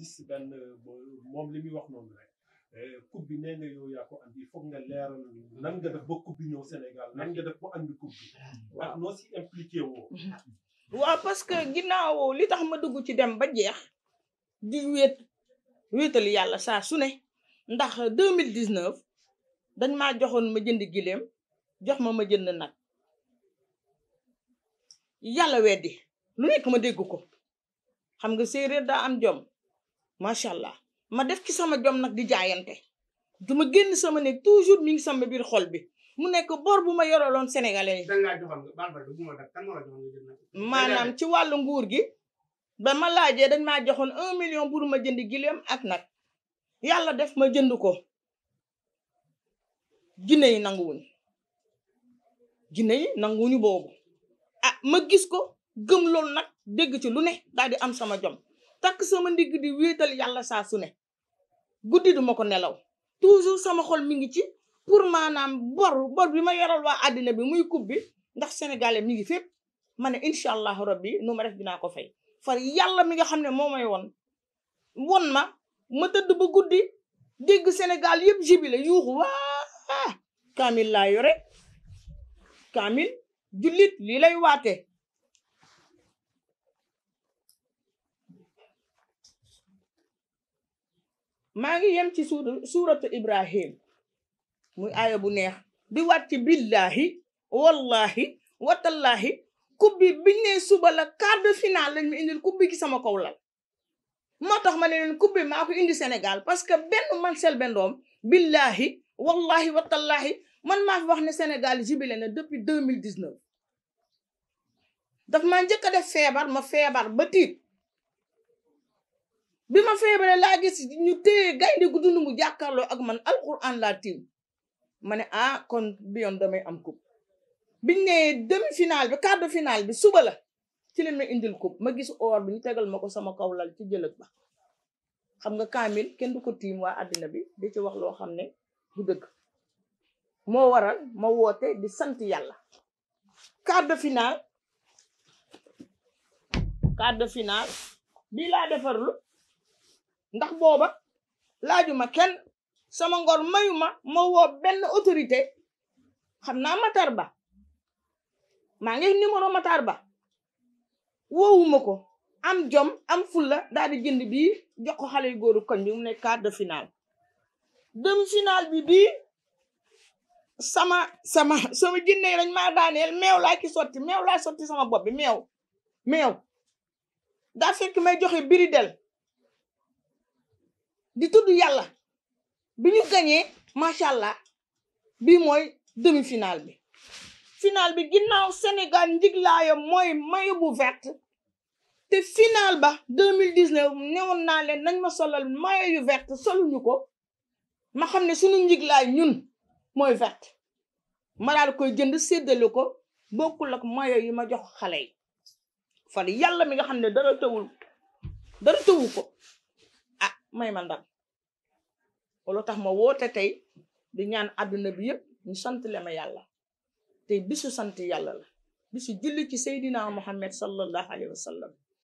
dix benn moom li muy wax noonu rek eh, coupe bi nga yow yaa ko andi foog nga leeral nan nga ba coupe bi Sénégal nan nga def am andi coupe bi noo si impliqué woo waaw parce que ginnaaw li tax ma dugg ci dem ba jeex di wéet wéetal yàlla saa su ne ndax deux mille dix neuf dañ maa joxoon ma jënd gileem jox ma ma jënd nag yàlla weddi lu nekk ma dégg ko xam nga séeréer daa am jom macha allah ma def ci sama jom nag di jaayante ma génn sama ne toujours mi sama biir xol bi mu nekk bor bu ma yoraloon sénégalais yi. maanaam ci wàllu nguur gi ba ma laajee dañ maa joxoon un million pour ma jënd gileem ak nag yàlla def ma jënd ko jinne yi nanguwuñu jinne yi nanguwuñu boobu ah ma gis ko gëm loolu nag dégg ci lu ne daal di am sama jom. takk sama ndigg di wéetal yàlla saa su ne guddi duma ko nelaw toujours sama xol mi ngi ci pour maanaam bor bor bi ma yoral waa àddina bi muy coupe bi ndax sénégalais mi ngi fépp ma ne allah allahu rabbi nu ma ref def naa ko fay far yàlla mi nga xam ne moo may won won ma ma tëdd ba guddi dégg sénégal yëpp jibile yuuxu waa kaamil laa yore kaamil julit li lay waate maa ngi yem ci suur suuratu ibrahim mu aaya bu neex di waat ci billaahi wallaahi watallaahi coupe bi biñ ne suba la quart de finale lañ ma indil coupe bi ci sama kaw lal moo tax ma ne leen coupe bi indi Sénégal parce que benn man Selbé Ndom billaahi wallaahi watallaahi man maa fi wax ne Sénégal jibile na depuis deux mille dix-neuf daf ma njëkk a def feebar ma feebar ba tiit bi ma feebaree laa gis ñu téye gaynde gu dund mu jàkkaarloo ak man alquran laa tiim ma ne ah kon bi yoon damay am coupe biñ ne demi final bi quart de finale bi suba la ci leen ma indil coupe ma gis or bi ñu tegal ma ko sama kaw lal ci jëlëg ba xam nga kaamil kenn du ko tiim waa àddina bi di ci wax loo xam ne du dëgg moo waral ma woote di sant yàlla quart de finale quart de finale bii laa defarlu ndax booba laajuma kenn sama ngor mayu ma ma woo benn autorité xam naa Matar maa ngi numéro Matar Ba woowuma ko am jom am fulla daal di jënd bii jox ko xale yu góoru koñ bi mu nekk quart de finale demi-finale bi bii sama sama sama jinne yi dañ maa meew laa ki sotti meew laa sotti sama bopp bi meew meew daa fekk may joxe biri del di tudd yàlla bi ñu gañee macha allah bii mooy demi-finale bi finale bi ginnaaw Sénégal njiglaayam mooy maillot bu vert te finale ba 2019 newoon naa leen nañ ma solal maillot yu vert soluñu ko ma xam ne suñu njiglaay ñun mooy vert ma koy jënd séddale ko bokkul ak maillot yi ma jox xale yi yàlla mi nga xam ne dara tawul dara tawu ko may ma ndam loolu tax ma woote tey di ñaan àdduna bi yëpp ñu sant le ma yàlla tey bisu sant yàlla la bisu julli ci Seydina Muhammad sallallahu alayhi wa sallam